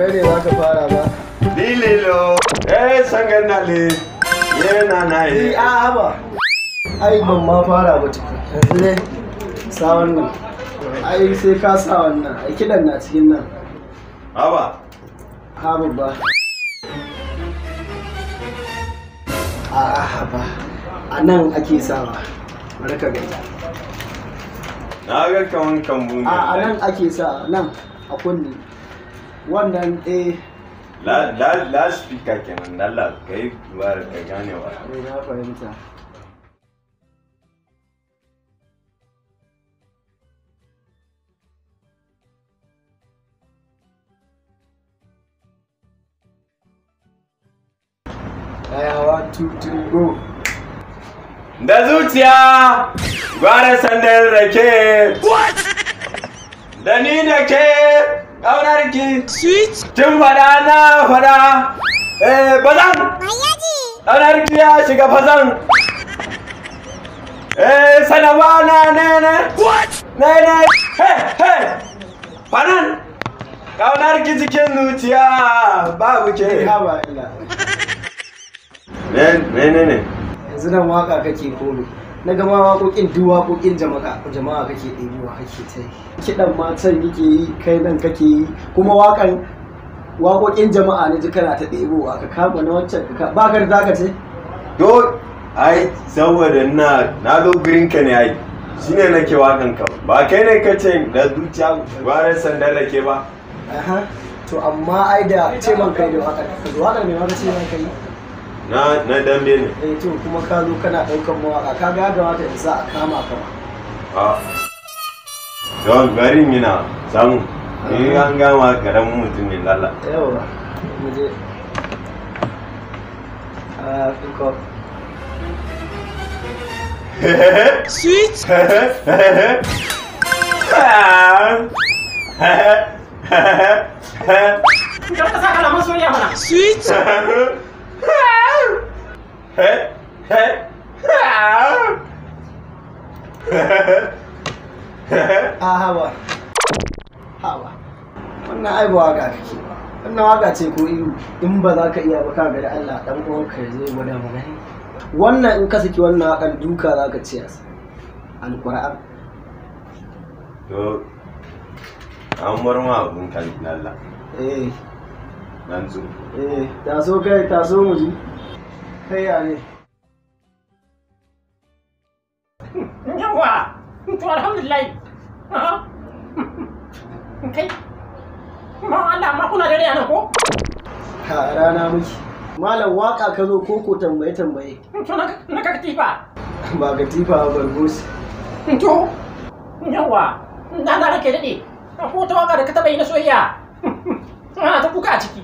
kai ne za ka fara ba dililo eh sangan nale yana na yi a ba ai ban ma fara ba tuku yanzu ne sa wannan ai sai ka sa wannan ai kidan na cikin nan haba haba ba a haba a nan ake sawa bari ka na ga kaman kambu a nan ake sa nan a kunne wannan eh last speaker kenan Allah kai bara ka gane wa eh, na fahimta Da zuciya gwara sandar rake, da ni da ke ƙaunar ki sweet kin na fada eh bazan ƙaunar ki shiga fazan eh sanawa na ne ne he he fanan ƙaunar ki cikin zuciya babu ke ne waka kake na gama waƙoƙin duk waƙoƙin jama'a jama'a kake ɗebuwa kake ta yi kiɗan ma can yi kai nan kake yi kuma waƙan waƙoƙin jama'a na ji kana ta ɗebowa ka kama na wancan ka ba ka da ka ce to ai saboda na na zo green ka ne ai shine nake waƙan ka ba kai ne ka ce da zuciya gwaran sandar da ke ba to amma ai da ce man kai da ka waƙar ne ma ka ce man kai na na dambe ne eh to kuma ka zo kana daukan mawaka ka ga da wata isa a kama ka a don garin yana samu ni ah. an gama garan mutum ne lalla yawa mu je a ah, ko Sweet. Sweet. a hawa hawa wannan ai ba waka kake wannan waka ce ko iru in ba za ka iya ba ka ga da Allah dan uwanka ya zai gwada mana? wannan in ka saki wannan wakan duka za ka ci alquran to an bar ma abun kan Allah eh nan zo eh taso kai taso mu ji ta yare yawa to alhamdulillah kuna dare ko rana miki malam waka ka zo ko ko tambaye tambaye to na katifa ba katifa to na ko da ka yi na soyayya ana ta kuka a ciki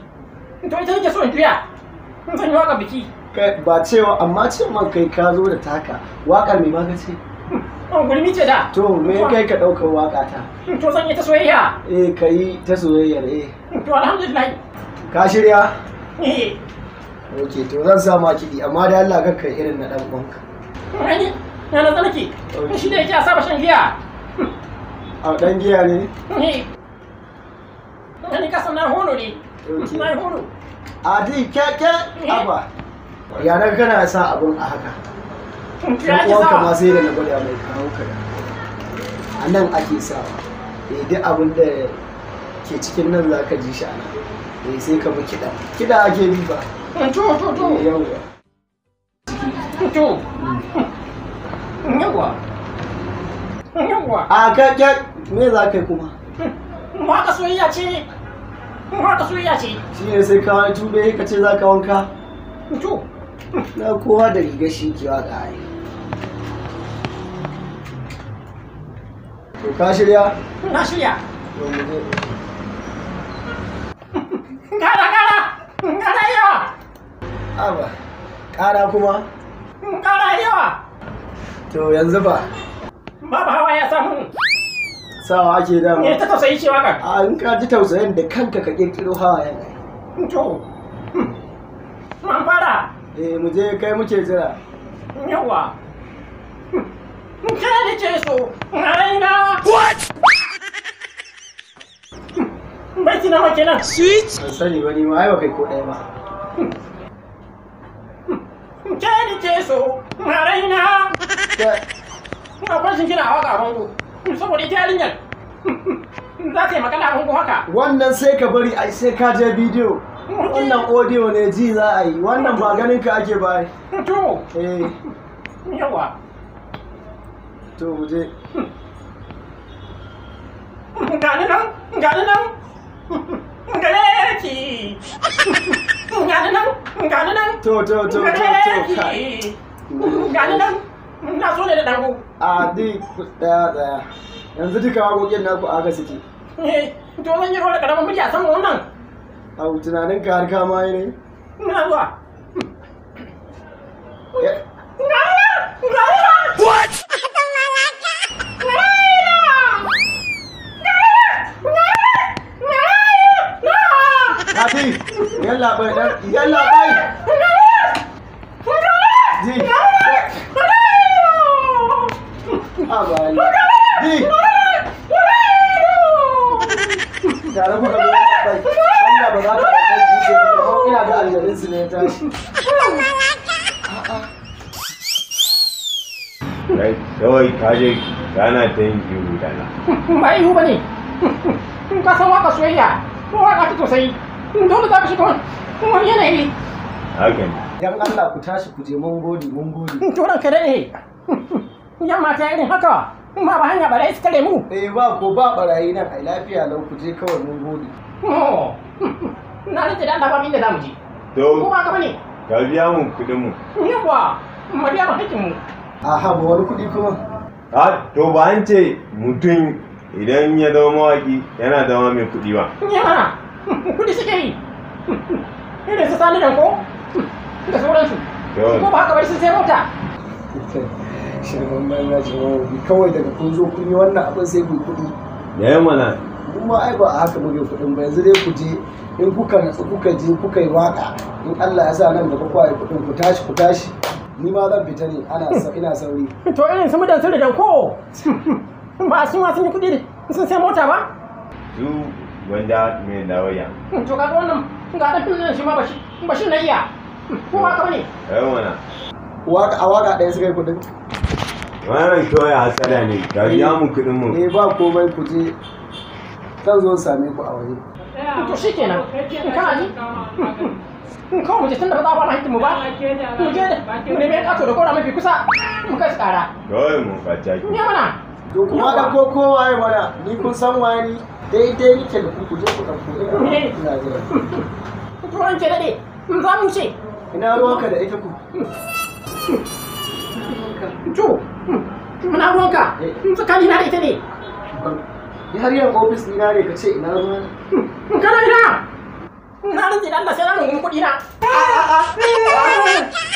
to ita juya zan yi waka biki ba cewa amma ce man kai ka zo da taka waƙar mai maka ce an oh, ce da to me kai ka ɗaukar waƙa ta hmm, to zan ta soyayya eh ka yi ta soyayya eh hmm, to alhamdulillah ka shirya eh ok to zan sa ma kiɗi amma da Allah kai irin na ɗan uwanka hmm, na na shi da yake a saba shan giya a ɗan giya ne eh. ne ka na horo ne na a di keke eh. aba yaran kana sa abun a haka dan ka ma sai da na gwada mai kawo ka a nan ake sawa eh duk abin da ke cikin nan za ka ji shi ana eh sai ka bi kiɗa kiɗa ake bi ba eh, to to to eh, yawa to yawa yawa a ka ne me za ka kuma ma ka soyayya ce ma ka soyayya ce shi ne sai ka tube ka ce za ka wanka to na kowa da rigar shi ke wa da to ka shirya na shirya kara kara kara yawa aba kara kuma kara yawa to yanzu ba babu hawa ya samu sawa ake dama ne ta tausayi ce waka an ka ji tausayin da kanka ka kirkiro hawa yanayi to man hmm. fara eh mu je kai muke jira yawa kai da ke so ai na what baki na make nan switch ban sani ba ni ma ai ba kai ko ɗaya ba kai da ke so ai na akwai kina haka a bango saboda ita yarinyar za ta yi magana a bango haka wannan sai ka bari ai sai ka je bidiyo wannan audio ne ji za a yi wannan ba ganin ka ake ba to eh yawa to muje gani nan gani nan gare ki gani nan gani nan to to to to to gani nan na so ne da dango a di daya daya yanzu duka wakokin naku aka suke eh, to zan yi rola karamin muke a saman wannan au tunanin ka har kama ne yalla bai Allah ba za ka ɗauka ba ko ina da aljanin su ne ta kawai ka je kana ta yin kiwo da na ba yi ba ne in ka san waka soyayya ko waka ta tausayi dole za ka shiga wani yanayi haka ne dan Allah ku tashi ku je mun gode mun gode to ran ka dade yamma ta irin haka ma ba hanya barayi su kare mu eh ba ko ba barayi nan ai lafiya lau ku je kawai mun gode oh. na rike da Allah ba inda zamu je to ko ba ka bane ka biya mu kudin mu ni kuwa ba biya mu hakkin mu aha ba wani kudi kuma a to ba an ce mutum idan ya zama mawaki yana zama mai kudi ba ni mana kudi suke yi irin su sani da ko da sauransu ko ba haka bari sun sai mota shirman banza shirman kawai daga kun zo kun yi wannan abin sai kun kudi da yamma na in ma ai ba a haka muke kuɗin ba yanzu dai ku je in kuka natsu kuka je kuka yi waka in Allah ya sa nan gaba kwaye kuɗin ku tashi ku tashi ni ma zan fita ne ana ina sauri to irin su mutan sun da ko ba su ma sun yi kuɗi sun sai mota ba du wanda me na waya hmm, to ga wannan ga dan nan shi ma bashi bashi na iya hmm, ko ma ka bane eh wana waka a waka ɗaya suka yi kuɗin wannan shoya hasala ne ga ya mu kuɗin mu eh ba komai ku je zan zo same ku a waje to shi kenan in kana ji in kawo mu je tun da ba za a fara hitin mu ba mu je da mu nemi kato da kora mafi kusa mu kai su kara kawai mu fata ki ne mana to kuma da ko ko waye mana ni kun san waye ni daidai nike da ku ku je ku ɗauko ne eh, ina jira to ran ke dade in za mu ce ina ruwanka da ita ku Jo, hm, muna ruwanka eh. tsakani na da ita ne har yin ofis dina ne ka ce ina ruwa na kana ina na rantsi dan da sai na rungumi kuɗi na